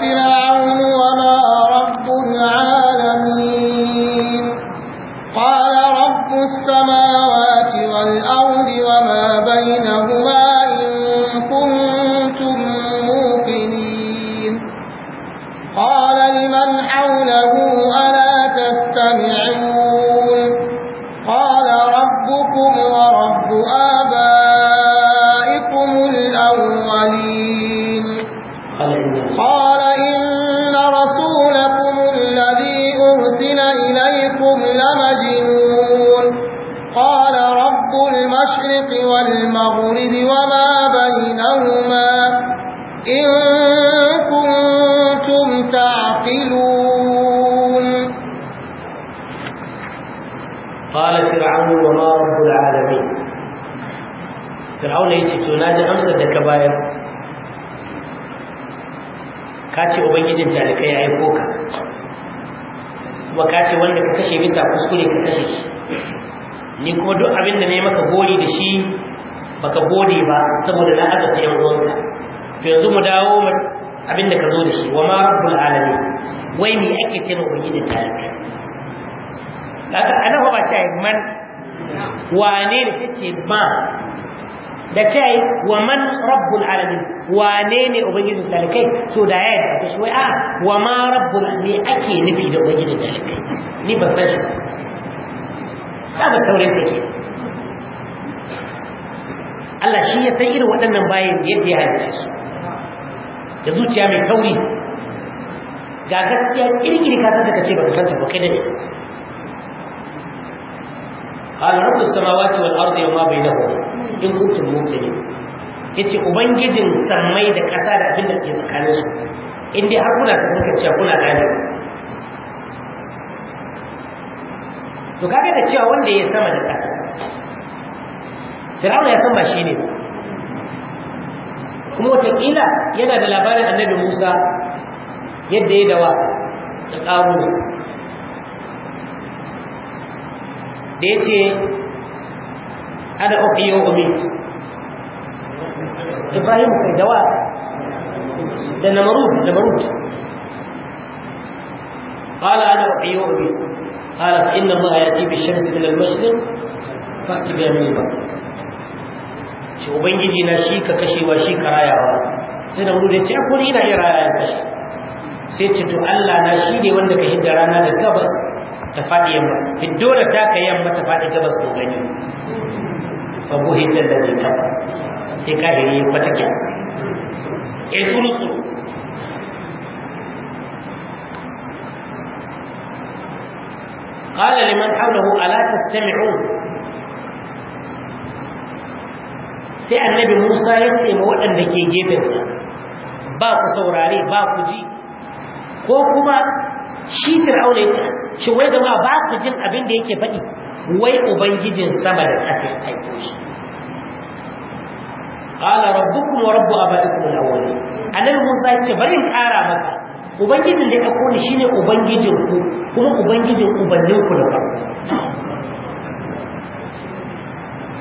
bayar ka ce ubangijin talikai ya aiko ka kuma ka ce wanda ka kashe bisa kuskure ka kashe shi ni kuma duk abin da ne maka gori da shi baka gode ba saboda na aka sayan ruwanka to yanzu mu dawo abin da ka zo da shi wa ma rabbul alamin wai me ake ce ma ubangijin talikai kaga ana ba ce man wane ne ke ce ma da ce wa man rabbul alamin wane ne ubangijin talikai to da yayi da shi wai a ah, wa ma rabbul ne ake nufi da ubangijin talikai ni ban san shi saba taurin take Allah shi ya san irin waɗannan bayan yadda ya halice su da zuciya mai kauri ga gaskiya irin ka san ka ce ba ka san ta ba kai da ne قال رب السماوات والأرض وما بينهما in kuntum mu'minin yace ubangijin sammai da ƙasa da abin da ke tsakanin su in dai har kuna sakankan cewa kuna gane to kaga da cewa wanda ya sama da ƙasa Fir'auna ya san ba shi ne kuma watakila yana da labarin annabi Musa yadda ya dawa da ƙaru da ya ce ana uhiya wa umit ibrahim kai dawa da namarud namarud qala ana uhiya wa umit qala fa inna allaha yati bi shamsi min al mashriq fa atibiya min al ce ubangiji na shi ka kashe kashewa shi ka rayawa sai da wuri ce ko ina iya raya kashe sai ce to Allah na shi ne wanda ka hidda rana da gabas ta faɗi yamma hiddora ta ka yamma ta fadi gabas ko gani fa buhin da zai kafa sai ka hiri kwata kyas e tsuru قال لمن حوله ألا تستمعون sai annabi Musa ya ce ma waɗanda ke gefensa ba ku saurare ba ku ji ko kuma shi fir'auna ya ce shi wai jama'a ba ku jin abin da yake faɗi wai ubangijin sama da ƙasa ya aiko shi qala rabbukum wa rabbu abaikum al-awwalin Musa ya ce bari in ƙara maka ubangijin da ya aiko ni shine ubangijin ku kuma ubangijin ubannin ku da farko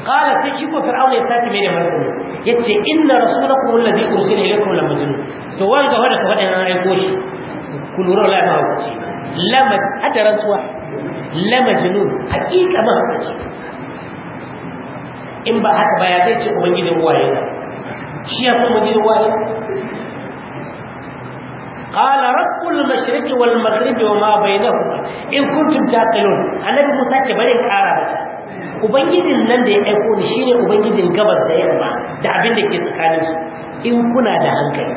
qala sai shi ko fir'auna ya sake mai da martani yace inna rasulakum alladhi ursila ilaykum la majnun to wanda wanda ka faɗa na aiko shi ku lura la ta hukunci lamat adaran suwa la majnun haƙiƙa mahaukaci in ba haka ba ya zai ce ubangijin waye shi ya san ubangijin waye قال رب المشرق والمغرب وما بينهما in kuntum taqilun annabi Musa ce bare kara ba ubangijin nan da ya aiko ni shine ubangijin gabas da yamma da abin da ke tsakanin su in kuna da hankali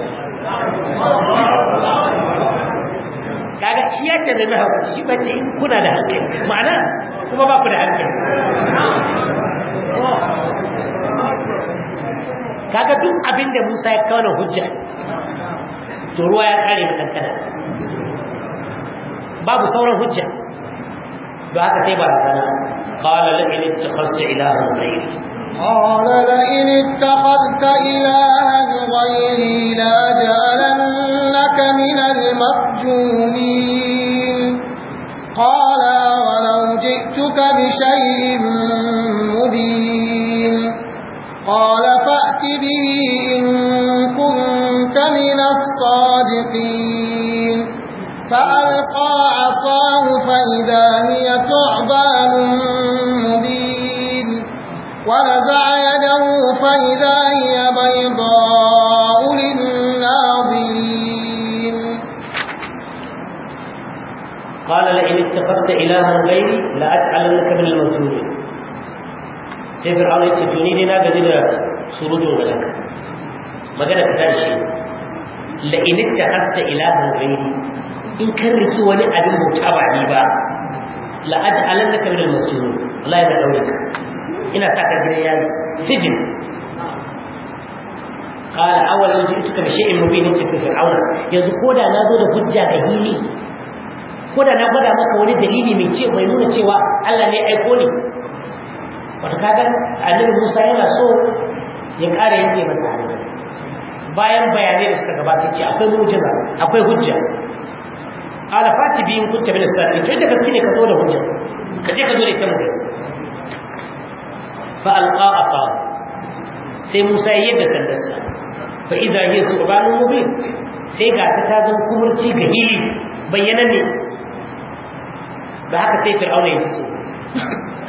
kaga shi ya ce da mahaukaci shi ba ce kuna da hankali ma'ana kuma ba ku da hankali kaga duk abin da musa ya kawo na hujja to ruwa ya kare da kankana babu sauran hujja da haka sai ba sana qala la in ittakhadta ilahan ghayri qala la in ittakhadta ilahan ghayri la ja'alan إنك من المرجومين قال ولو جئتك بشيء مبين قال فأت به إن كنت من الصادقين فألقى عصاه فإذا هي ثعبان مبين ونزع يده فإذا هي بيضاء قال لئن اتخذت إلها غيري لأجعلنك من المسجونين sai fir'auna ya ce to ni dai na gaji da surutun wajenka magana ta tashi la in ittahatta ilahan ghairi in kan riki wani abin bauta ba ni ba la aj'alannaka min al-masjun wallahi da daure ina sa ka gidan yayi sijin qala awal ji'tuka bi shay'in mubin ce fir'auna yanzu koda na zo da hujja ga hili ko da na gwada maka wani dalili mai ce bai nuna cewa Allah ne aiko ne wato kaga annabi Musa yana so ya kara yanke mata bayan bayanai da suka gabata ce akwai mu'jiza akwai hujja ala fati bi in kunta min sa'i to inda gaske ne ka zo da hujja ka je ka zo da ita mu fa alqa asa sai Musa ya yadda sandarsa fa idza hiya mu mubin sai ga ta zama kumurci hili bayyana ne da haka sai fir'auna ya so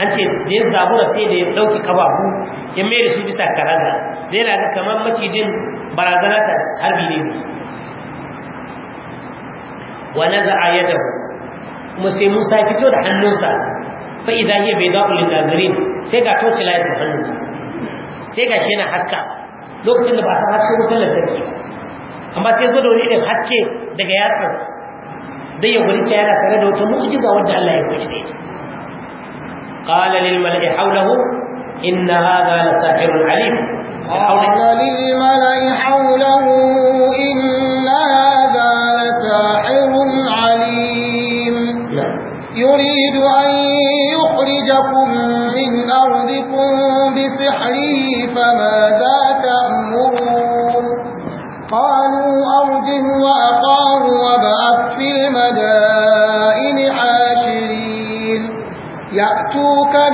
an ce da ya zabura sai da ya dauki kababu ya mai da su bisa karaza zai na ga kamar macijin barazana ta harbi ne su wa na a yadda kuma sai Musa fito da hannunsa fa idza hiya bayda'u lil-nazirin sai ga toci la da hannunsa sai ga shi yana haska lokacin da ba ta haske wutar lantarki amma sai zo da wani irin haske daga yatsarsa dai ya gurin yana tare da wata mu'jiza wanda Allah ya koyi da ita qala lil mala'i hawlahu inna hadha la sahirun alim qala lil mala'i hawlahu inna hadha la sahirun alim yuridu an yukhrijakum min ardikum bi sihrihi famadha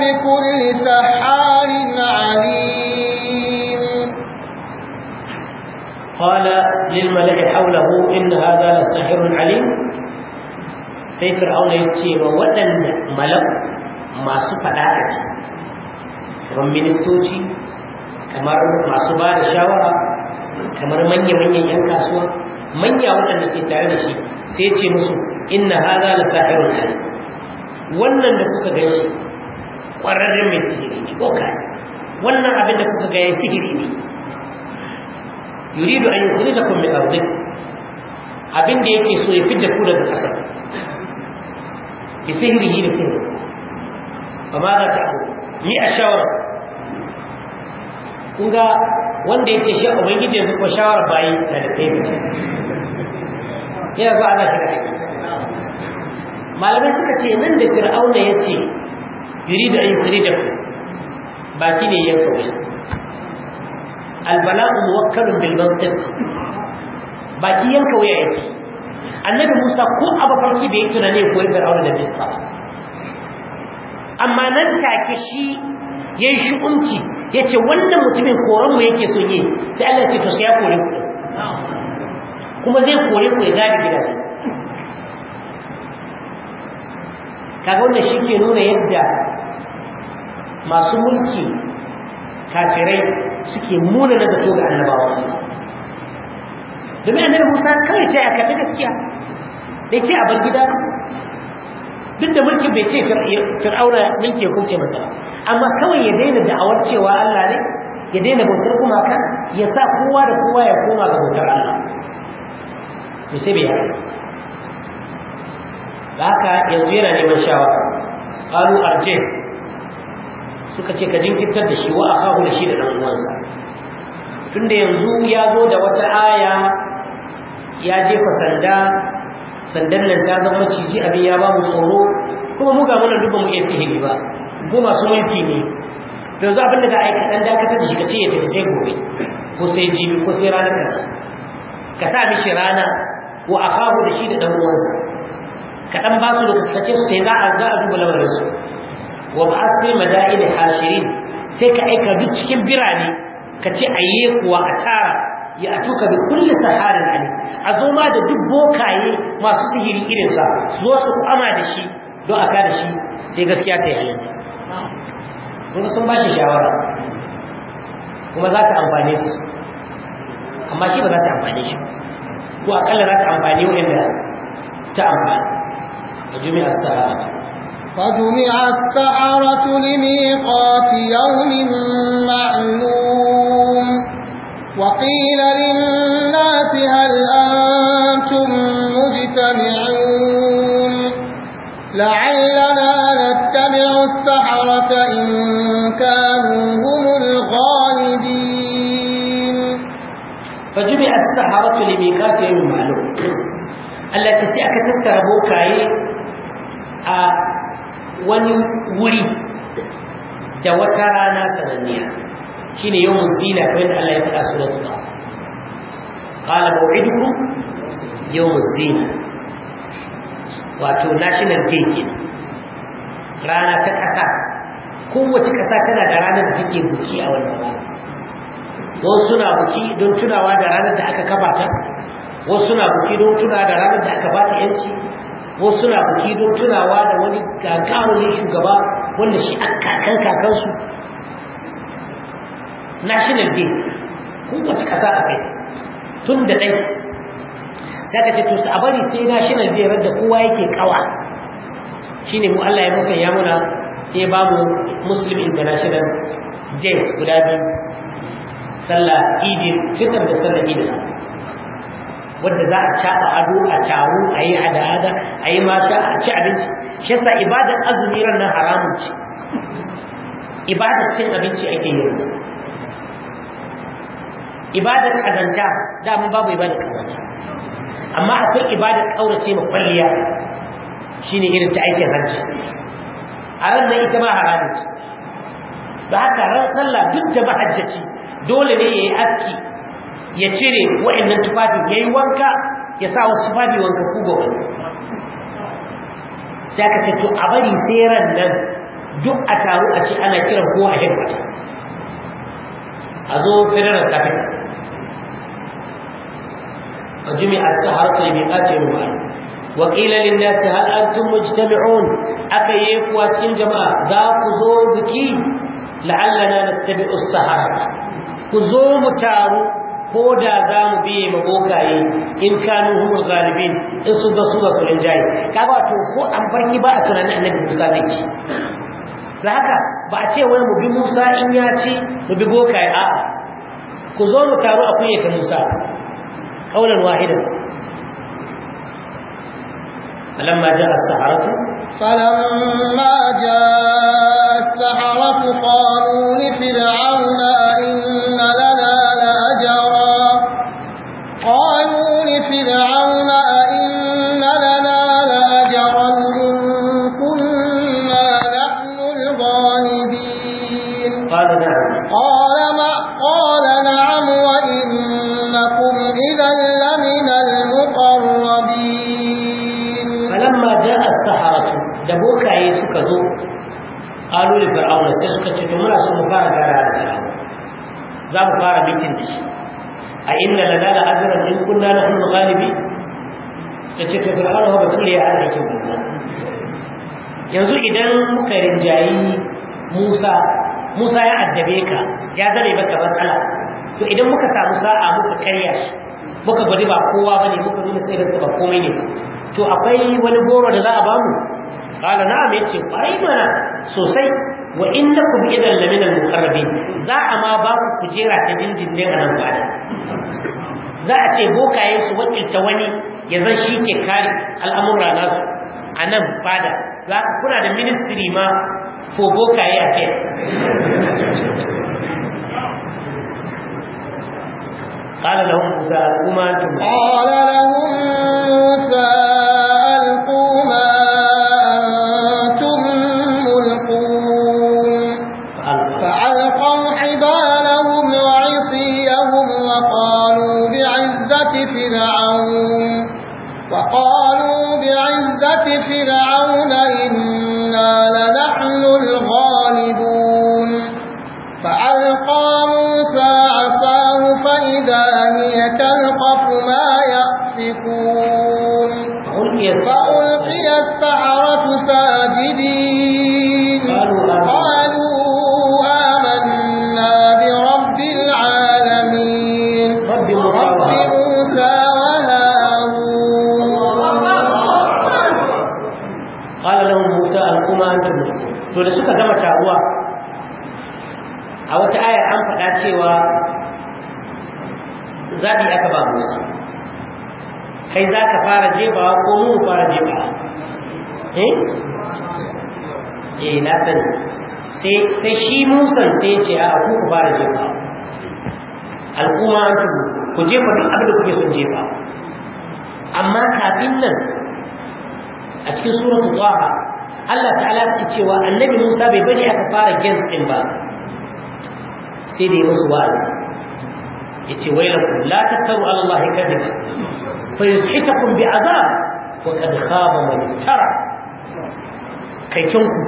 بكل سحار عليم قال للملأ حوله إن هذا لساحر عليم sai fir'auna ya ce wa waɗanda malam masu faɗa a ci kamar ministoci kamar masu ba da shawara kamar manya-manyan 'yan kasuwa manya waɗanda ke tare da shi sai ce musu inna haza la sahirun alim wannan da kuka gani kwararren mai sihiri ne boka wannan abin da kuka gaya sihiri ne yuridu an yukuri da kuma arzi abin da yake so ya fidda ku daga ƙasar bi sihiri yi da sihiri ba ma za ta ni a shawara kun ga wanda ya ce shi ubangiji yanzu ko shawara bayi na da kai ya zuwa ana kira malamai suka ce nan da fir'auna ya ce يريد أن yukhrijakum baki ne البلاء موكل بالمنطق باكين bil baki annabi Musa ko a bafarki bai ne ko ya fir'auna da Misra amma nan take shi yayi ya yace wannan mutumin koran mu yake so yi sai Allah ce to kore ku kuma zai kore ku ya gadi kaga wannan shi ke nuna yadda masu mulki kafirai suke muna da zato ga annabawa domin annabi musa kawai ce a karɓi gaskiya bai ce a bar gida duk da mulki bai ce fir'aura mulki ya kuce masa amma kawai ya daina da'awar cewa allah ne ya daina bautar kan ya sa kowa da kowa ya koma ga bautar allah to sai bai yara. da haka yanzu yana neman shawa. qalu arje suka ce ka jinkirtar da shi wa akahu da shi da dan uwansa tunda yanzu ya zo da wata aya ya jefa sanda sandan nan ta zama ciji abin ya ba mu tsoro kuma muga ga mana duk mu iya sihiri ba ko masu mulki ne yanzu abin da za a yi kaɗan dakatar da shi ka ce ya tafi sai gobe ko sai jibi ko sai ranar ka sa miki rana wa kawo da shi da ɗan uwansa kaɗan ba su lokaci kace su za a za a duba lamarin su wa ba'athri da hashirin sai ka aika duk cikin birane ka ce ayye kuwa a tara ya atuka bi kulli saharin ali a zo ma da duk bokaye masu sihiri irin sa su zo su kwama da shi don a kada shi sai gaskiya ta yi halinta kuma sun ba shi shawara kuma za ta amfane su amma shi ba za ta amfane shi ko akalla za ta amfani wanda ta amfani فجمع السحرة فجمع السحرة لميقات يوم معلوم وقيل للناس هل أنتم مجتمعون لعلنا نتبع السحرة إن كانوا هم الغالبين فجمع السحرة لميقات يوم معلوم التي سيأكتت تربوكاي a wani wuri da wata rana sananniya ne yawon zina kamar da Allah ya faɗa su ba? ƙala ba wa idu yawon zina wato national day ke. rana ta ƙasa kowace ƙasa tana da ranar da take buki a wannan ba wasu suna buki don tunawa da ranar da aka kafa ta wasu suna buki don tunawa da ranar da aka ba ta yanci wasu na baki don tunawa da wani gagarumin shugaba wanda shi a kakan kakansu national day kowace kasa a kai tun da ɗai sai ka ce to a bari sai national day da kowa yake kawa ne mu Allah ya musanya muna sai ba mu muslim international days guda biyu sallah idin fitar da sallah idin Wanda za a caɓa ado a taru a yi hada-hada a yi mata a ci abinci shi sa ibadar azumi ranar haramun ce ibadar cin abinci ake yi ibadar kazanta daman babu ibadar kazanta amma akwai ibadar kaurace ma kwalliya shine irin ta aikin hanci a ranar ita ma haramun ce da haka ran sallah duk da mahajjaci dole ne ya yi aski ya cire wa'annan tufafi yi wanka ya sa wasu tufafi wanka ku ga wani sai aka ce to a bari sai nan duk a taru a ce ana kiran ko a yin wata a zo federal capital a jimi a sahar harkar mai ce ruwa wakila linnasi hal antum mujtami'un aka yi kuwa cikin jama'a za ku zo biki la'allana na nattabi'u sahara ku zo mu taru ko da za mu biye ma bokaye in kanu humul galibin in sun ga su ga su rinjaye kaga wato ko an farki ba a tunanin annabi musa zai ci da haka ba a ce wai mu bi musa in ya ci mu bi bokaye a ku zo mu taru a ta musa kaulan wahidan فلما جاء السحرة فلما جاء السحرة قالوا لفرعون ka rinjayi Musa Musa ya addabe ka ya zare maka matsala to idan muka samu sa'a muka karya shi muka bari ba kowa bane muka nuna sai da ba komai ne to akwai wani goro da za a bamu na na'am yace kwarai mana sosai wa innakum idan lamina al-muqarrabin za a ma ba ku kujera ta jinjin ne a nan ba za a ce bokaye su wakilta wani ya zan shi ke kare al'amuran nasu a nan fada kuna da ministry ma for boka yi a fes ƙala da hukusa kuma tun fara jebawa ko mu fara jebawa eh eh na sani sai shi musan sai ce a ku ku fara jebawa al'umma an ku jefa duk abin da kuke sun jefa amma kafin nan a cikin suratul zuwa Allah ta'ala ta cewa annabi Musa bai bari aka fara games din ba sai da ya musu wa'azi yace wailakum la tattaru ala Allah kadiba fayas'ikakum bi'azab wa qad khaba man iftara kai kinku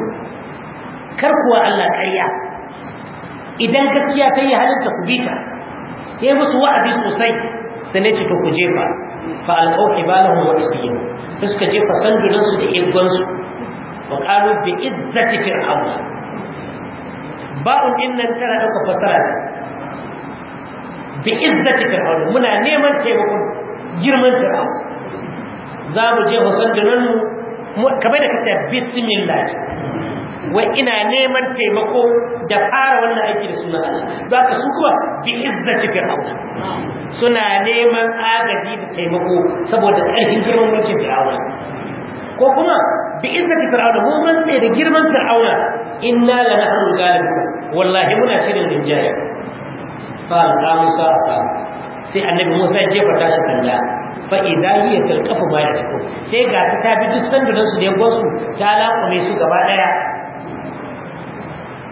kar kuwa Allah ƙarya idan gaskiya ta yi halinta ku bita ya yi musu wa'azi sosai sai ce to ku jefa fa alqaw hibalahum wa isiyahum sai suka jefa sandunansu da irgonsu wa qalu bi izzati fir'aun ba'un innan tana dauka fasara bi izzati fir'aun muna neman taimakon girman fir'aun za mu je hussein dunanmu kamar da kasar bismillah wai ina neman taimako da fara wannan aiki da suna Allah za ka su kuwa bi izzati fir'aun suna neman agaji da taimako saboda ƙarfin girman mulkin fir'aun ko kuma bi izzati fir'auna mun rantse da girman fir'auna inna la nahnu galibun wallahi muna shirin rinjaye fa al-qamusa asaba sai annabi Musa ya jefa tashi sanda fa idza hiya talqafu ma yaqul sai ga ta tabi duk sandunan su da yago su ta laƙume su gaba daya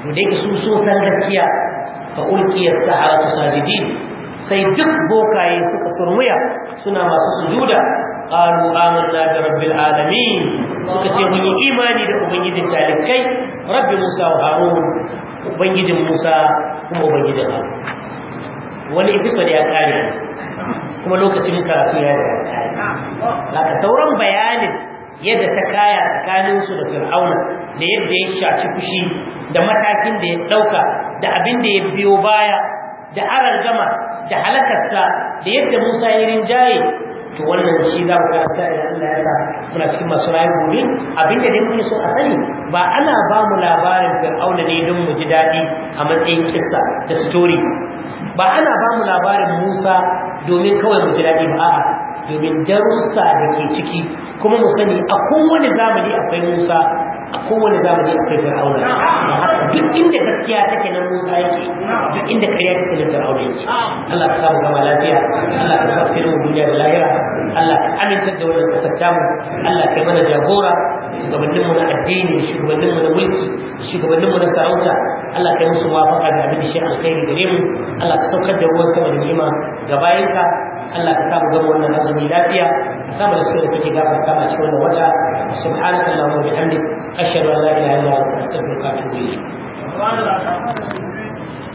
to dai su so san gaskiya fa ulqiya sahara sajidin sai duk bokaye suka surmuya suna masu sujuda qalu amanna bi rabbil alamin suka ce mun yi imani da ubangijin talikai rabbi Musa wa Harun ubangijin Musa kuma ubangijin Harun wani episode ya kare kuma lokacin karatu ya da kare laka sauran bayanin yadda ta kaya tsakanin su da fir'auna da yadda ya shaci fushi da matakin da ya dauka da abin da ya biyo baya da arar gama da halakarsa da yadda musa yi rinjaye to wannan shi za mu karanta idan Allah ya sa muna cikin masu rayu gobe abinda dai muke so a sani ba ana ba mu labarin fir'auna ne don mu ji daɗi a matsayin kissa da story ba ana ba mu labarin musa domin kawai mu ji daɗi ba a'a domin darussa da ke ciki kuma mu sani a kowane zamani akwai musa a kowane zamani akwai fir'auna duk inda gaskiya take nan musa yake duk inda ƙarya take nan fir'auna yake Allah ka samu gama lafiya Allah ka tafsirin duniya da lahira Allah ka amintar da wannan kasar tamu Allah ka mana jagora shugabanninmu na addini da shugabanninmu na mulki da shugabanninmu na sarauta Allah ka yi musu wafaka da abin da shi alkhairi gare mu Allah ka saukar da ruwan sama da ni'ima ga bayanka Allah ka samu gama wannan azumi lafiya ka samu da sunan kake gafarta a cikin wannan wata subhanaka allahumma wa bihamdik ashhadu an la ilaha illa anta astaghfiruka wa atubu ilayk